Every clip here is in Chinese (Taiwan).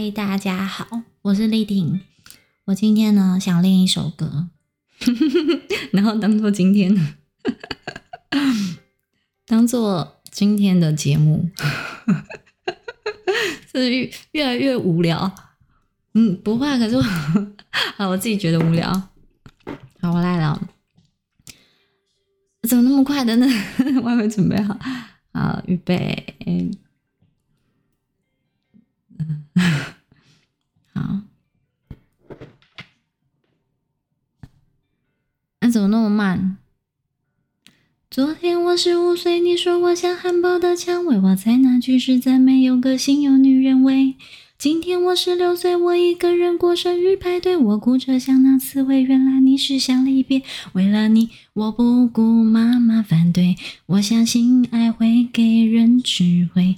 嗨，大家好，我是麗婷。我今天呢，想練一首歌， 然後當做今天， 當做今天的節目。 是越來越無聊。嗯，不怕，可是我啊， 我自己覺得無聊。好，我來了。怎麼那麼快的呢？我還沒 準備好，好，預備。 好，那、啊、怎麼那麼慢？昨天我十五歲，你說我像含苞的薔薇，我猜那句是讚美，有個性又女人味。今天我十六歲，我一個人過生日派對，我哭着想那辭彙，原來你是想離別。為了你，我不顧媽媽反對，我相信愛會給人智慧。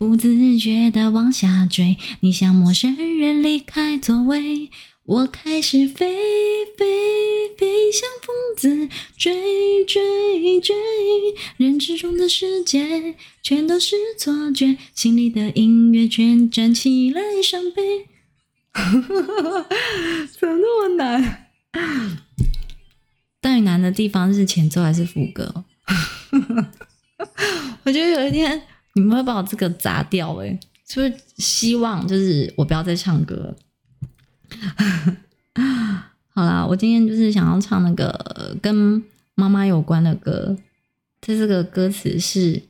不自覺的往下墜，你像陌生人離開座位，我開始飛飛飛，飛像瘋子追追追，追，認知的世界全都是錯覺，心裡的音樂全站起來，傷悲。 怎麼那麼難？最難的地方是前奏還是副歌？ 我覺得有一天。你們會把我這個砸掉，哎、欸？是不是希望就是我不要再唱歌？ 好啦，我今天就是想要唱那個跟媽媽有關的歌。這是個歌詞是：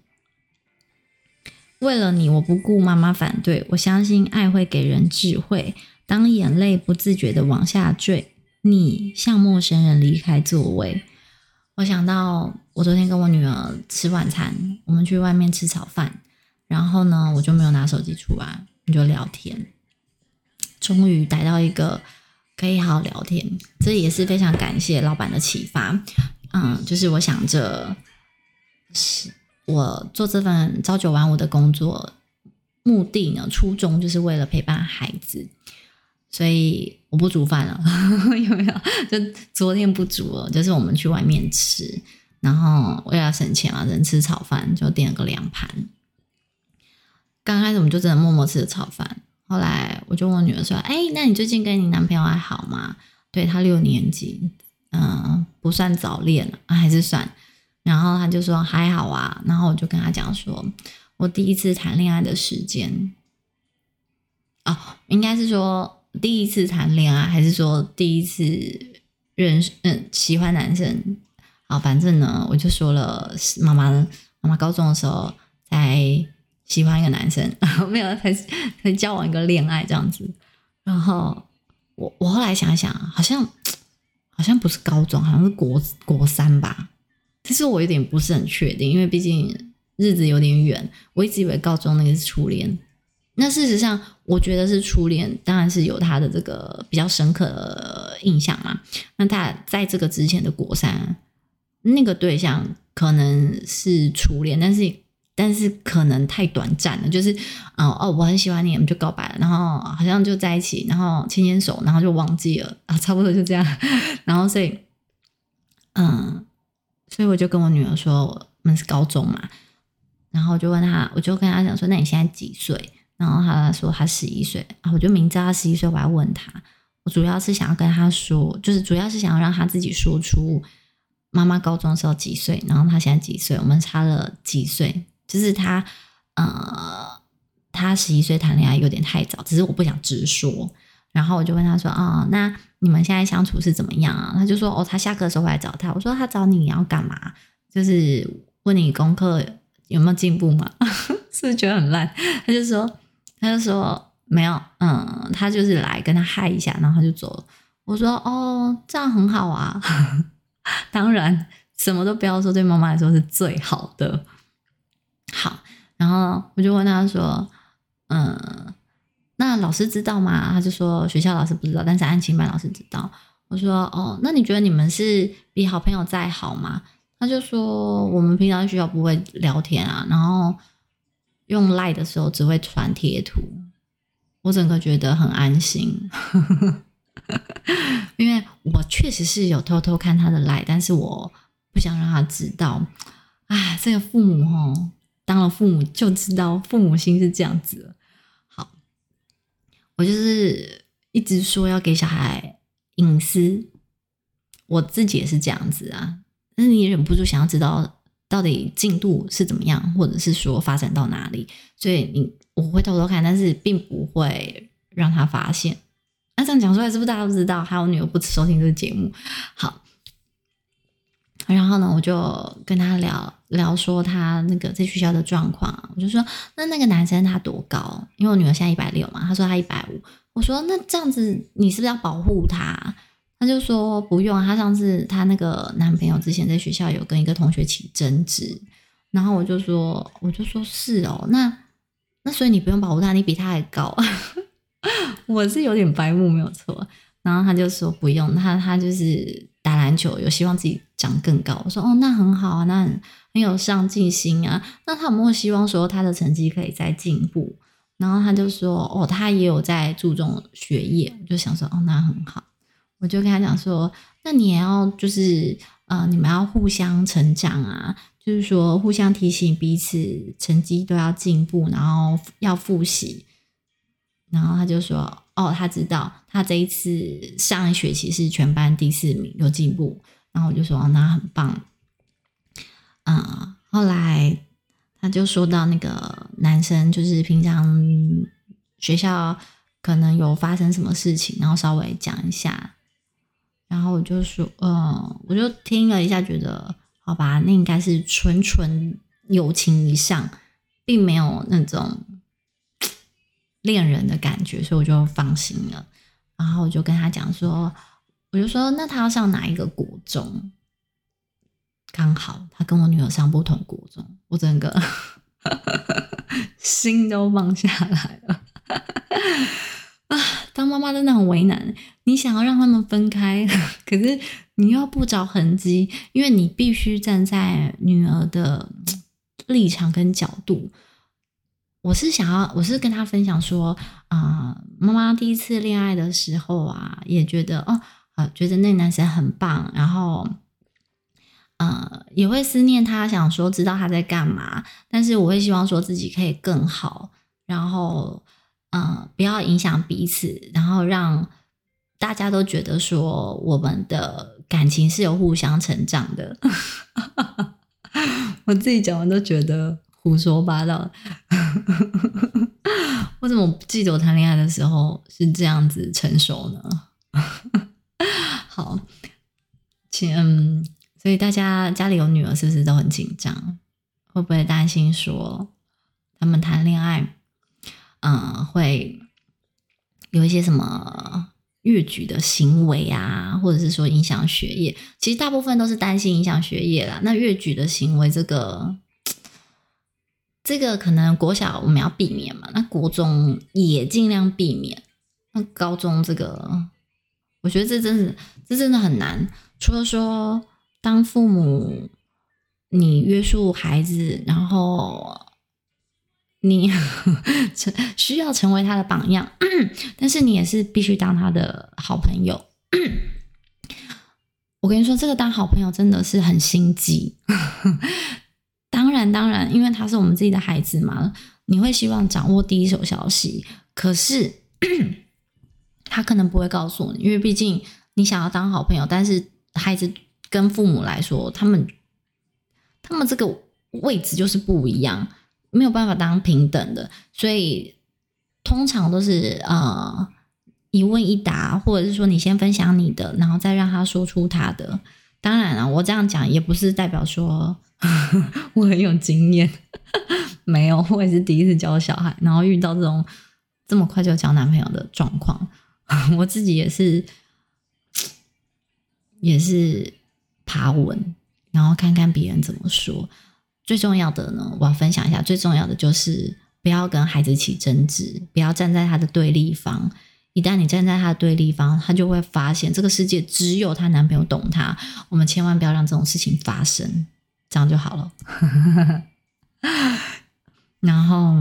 為了你，我不顧媽媽反對，我相信愛會給人智慧。當眼淚不自覺的往下墜，你像陌生人離開座位。我想到，我昨天跟我女兒吃晚餐，我們去外面吃炒飯，然後呢，我就沒有拿手機出來，我們就聊天，終於逮到一個可以好好聊天，這也是非常感謝老板的啟發，嗯，就是我想着，我做這份朝九晚五的工作，目的呢，初衷就是為了陪伴孩子。所以我不煮飯了， 有沒有？就昨天不煮了，就是我們去外面吃，然後為了省錢嘛、啊，只能吃炒飯就點了個涼盤。剛開始我們就只能默默吃着炒飯，後來我就問我女兒說：“哎、欸，那你最近跟你男朋友還好嗎？”對他六年級，嗯、呃，不算早戀、啊、還是算。然後他就說：“還好啊。”然後我就跟他講說：“我第一次談戀愛的時間哦，應該是說。”第一次談戀愛，還是說第一次認識？嗯，喜歡男生啊，反正呢，我就說了，媽媽，媽媽高中的時候才喜歡一個男生，然 後沒有才才交往一個戀愛這樣子。然後我我後來想一想，好像好像不是高中，好像是國國三吧，其實我有點不是很確定，因為畢竟日子有點遠。我一直以為高中那個是初戀。那事實上，我覺得是初戀，當然是有他的這個比較深刻的印象嘛。那他在這個之前的國三，那個對象可能是初戀，但是但是可能太短暫了。就是，哦哦，我很喜歡你，我們就告白了，然後好像就在一起，然後牽牽手，然後就忘記了啊，哦，差不多就這樣。然後所以，嗯，所以我就跟我女兒說，我們是高中嘛，然後我就問她，我就跟她講說，那你現在幾歲？然後他說他十一歲，啊，我就明知道他十一歲，我還問他，我主要是想要跟他說，就是主要是想要讓他自己說出媽媽高中時候幾歲，然後他現在幾歲，我們差了幾歲，就是他，呃，他十一歲談戀愛有點太早，只是我不想直說。然後我就問他說啊、哦，那你們現在相處是怎麼樣啊？他就說哦，他下課的時候來找他。我說他找你，你要幹嘛？就是問你功課有，有沒有進步嗎？ 是不是覺得很爛？他就說。他就說沒有，嗯，他就是來跟他嗨一下，然後他就走了。我說哦，這樣很好啊， 當然什麼都不要說，對媽媽來說是最好的。好，然後我就問他就說，嗯，那老師知道嗎？他就說學校老師不知道，但是安親班老師知道。我說哦，那你覺得你們是比好朋友再好嗎？他就說我們平常在學校不會聊天啊，然後。用賴的時候只會傳貼圖，我整個覺得很安心， 因為我確實是有偷偷看他的賴，但是我不想讓他知道。哎，這個父母哦，當了父母就知道父母心是這樣子了。好，我就是一直說要給小孩隱私，我自己也是這樣子啊，但是你忍不住想要知道。到底進度是怎麼樣，或者是說發展到哪裡？所以你我會偷偷看，但是並不會讓他發現。那、啊、這樣講出來是不是大家都知道？還有我女兒不只收聽這個節目。好，然後呢，我就跟他聊聊說他那個在學校的狀況。我就說，那那個男生他多高？因為我女兒現在一百六嘛，他說他一百五。我說，那這樣子你是不是要保護他？他就說不用，他上次他那個男朋友之前在學校有跟一個同學起爭執，然後我就說我就說，是哦，那那所以你不用保護他，你比他還高， 我是有點白目沒有錯。然後他就說不用，他他就是打籃球有希望自己長更高。我說哦，那很好啊，那很很有上進心啊。那他有沒有希望說他的成績可以再進步？然後他就說哦，他也有在注重學業。我就想說哦，那很好。我就跟他講說，那你也要就是，呃，你們要互相成長啊，就是說互相提醒彼此，成績都要進步，然後要複習。然後他就說，哦，他知道，他這一次上一學期是全班第四名，有進步。然後我就說，哦，那很棒。嗯，後來他就說到那個男生，就是平常學校可能有發生什麼事情，然後稍微講一下。然後我就說，嗯，我就聽了一下，覺得好吧，那應該是純純友情以上，並沒有那種戀人的感覺，所以我就放心了。然後我就跟他講說，我就說，那他要上哪一個國中？剛好他跟我女兒上不同國中，我整個 心都放下來了。 啊！當媽媽真的很為難，你想要讓他們分開，可是你又不着痕跡，因為你必須站在女兒的立場跟角度。我是想要，我是跟她分享說啊，媽媽第一次戀愛的時候啊，也覺得哦，啊，覺得那男生很棒，然後呃，也會思念他，想說知道他在幹嘛，但是我會希望說自己可以更好，然後。嗯，不要影響彼此，然後讓大家都覺得說我們的感情是有互相成長的。 我自己講完都覺得胡說八道。 我怎麼不記得我談戀愛的時候是這樣子成熟呢？ 好，請嗯，所以大家家裡有女兒是不是都很緊張？會不會擔心說他們談戀愛？嗯，會有一些什麼越矩的行為啊，或者是說影響學業，其實大部分都是擔心影響學業啦。那越矩的行為，這個這個可能國小我們要避免嘛，那國中也盡量避免。那高中這個，我覺得這真是這真的很難，除了說當父母，你約束孩子，然後。你成需要成為他的榜樣、嗯，但是你也是必須當他的好朋友、嗯。我跟你說，這個當好朋友真的是很心機、嗯。當然，當然，因為他是我們自己的孩子嘛，你會希望掌握第一手消息，可是、嗯、他可能不會告訴你，因為畢竟你想要當好朋友，但是孩子跟父母來說，他們他們這個位置就是不一樣。沒有辦法當平等的，所以通常都是呃一問一答，或者是說你先分享你的，然後再讓他說出他的。當然了，我這樣講也不是代表說 我很有經驗， 沒有，我也是第一次教小孩，然後遇到這種這麼快就交男朋友的狀況， 我自己也是也是爬文，然後看看別人怎麼說。最重要的呢，我要分享一下。最重要的就是不要跟孩子起爭執，不要站在他的對立方。一旦你站在他的對立方，他就會發現這個世界只有他男朋友懂他。我們千萬不要讓這種事情發生，這樣就好了。 然後，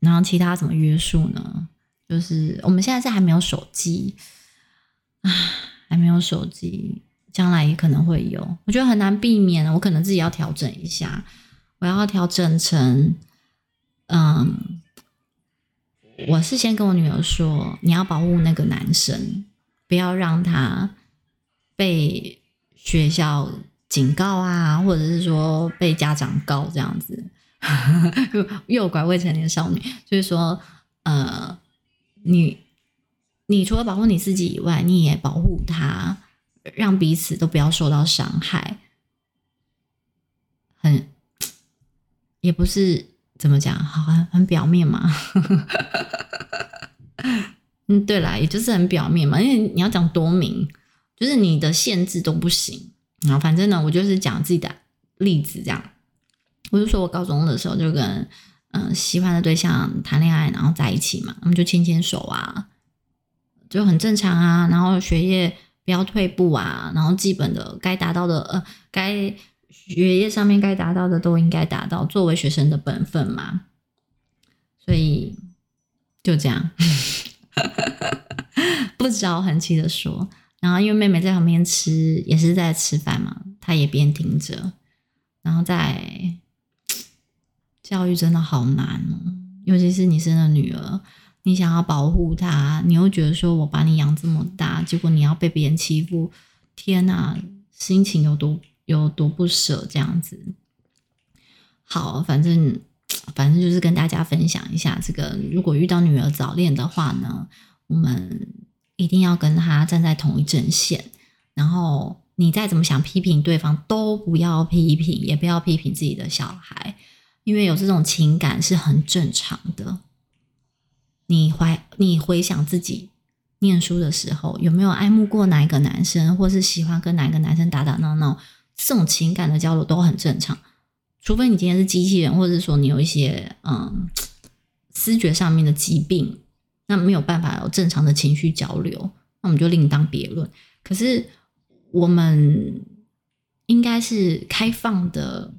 然後其他怎麼約束呢？就是我們現在是還沒有手機啊，還沒有手機。將來也可能會有，我覺得很難避免。我可能自己要調整一下，我要調整成，嗯，我是先跟我女兒說，你要保護那個男生，不要讓他被學校警告啊，或者是說被家長告這樣子，又 又拐未成年少女。所以說，呃，你你除了保護你自己以外，你也保護他。讓彼此都不要受到傷害，很，也不是怎麼講，好很很表面嘛。 嗯，對啦，也就是很表面嘛。因為你要講多明，就是你的限制都不行。然後反正呢，我就是講自己的例子這樣。我就說我高中的時候就跟嗯、呃、喜歡的對象談戀愛，然後在一起嘛，我們就牽牽手啊，就很正常啊。然後學業。不要退步啊！然後基本的該達到的，呃，該學業上面該達到的都應該達到，作為學生的本分嘛。所以就這樣， 不着痕跡的說。然後因為妹妹在旁邊吃，也是在吃飯嘛，她也邊聽着。然後在教育真的好難哦，尤其是你生了女兒。你想要保護他，你又覺得說，我把你養這麼大，結果你要被別人欺負，天吶，心情有多有多不捨這樣子。好，反正反正就是跟大家分享一下，這個如果遇到女兒早戀的話呢，我們一定要跟她站在同一陣線。然後你再怎麼想批評對方，都不要批評，也不要批評自己的小孩，因為有這種情感是很正常的。你懷你回想自己念書的時候，有沒有愛慕過哪一個男生，或是喜歡跟哪一個男生打打鬧鬧？這種情感的交流都很正常，除非你今天是機器人，或者是說你有一些嗯，思覺上面的疾病，那沒有辦法有正常的情緒交流，那我們就另當別論。可是我們應該是開放的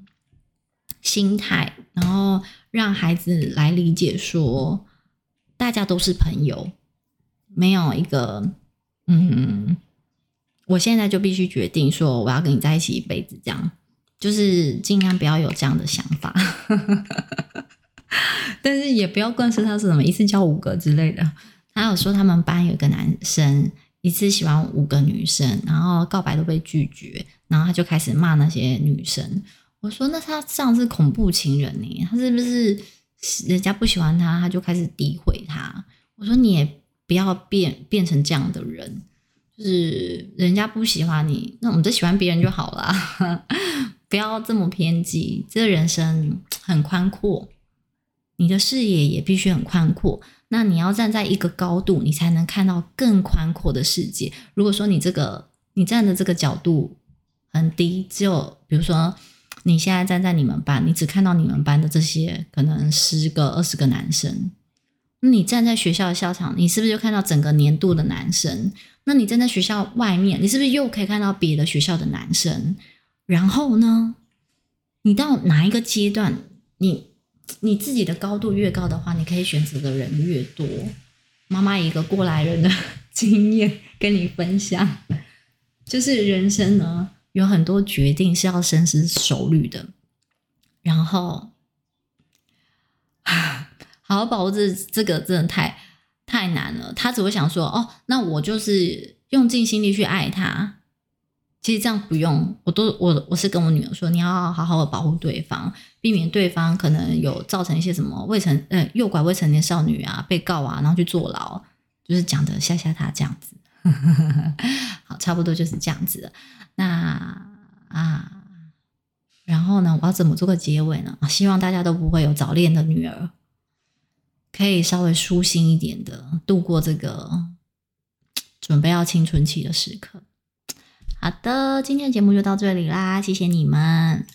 心態，然後讓孩子來理解說。大家都是朋友，沒有一個嗯，我現在就必須決定說我要跟你在一起一輩子，這樣就是盡量不要有這樣的想法。 但是也不要灌輸他是什麼一次交五個之類的。他有說他們班有個男生一次喜歡五個女生，然後告白都被拒絕，然後他就開始罵那些女生。我說那他像是恐怖情人呢、欸，他是不是？人家不喜歡他，他就開始詆毀他。我說，你也不要變變成這樣的人，就是人家不喜歡你，那我們就喜歡別人就好了， 不要這麼偏激。這個、人生很寬闊，你的視野也必須很寬闊。那你要站在一個高度，你才能看到更寬闊的世界。如果說你這個你站的這個角度很低，就比如說。你現在站在你們班，你只看到你們班的這些可能十個、二十個男生。那你站在學校的校場，你是不是就看到整個年度的男生？那你站在學校外面，你是不是又可以看到別的學校的男生？然後呢，你到哪一個階段，你你自己的高度越高的話，你可以選擇的人越多。媽媽一個過來人的經驗跟你分享，就是人生呢。有很多決定是要深思熟慮的，然後啊，好好保護這這個真的太太難了。他只會想說，哦，那我就是用盡心力去愛他。其實這樣不用，我都我我是跟我女兒說，你要好好，好好的保護對方，避免對方可能有造成一些什麼未成呃誘拐未成年少女啊，被告啊，然後去坐牢，就是講的嚇嚇他這樣子。 好，差不多就是這樣子的，那啊，然後呢，我要怎麼做個結尾呢？希望大家都不會有早戀的女兒，可以稍微舒心一點的度過這個準備要青春期的時刻。好的，今天的節目就到這裡啦，謝謝你們。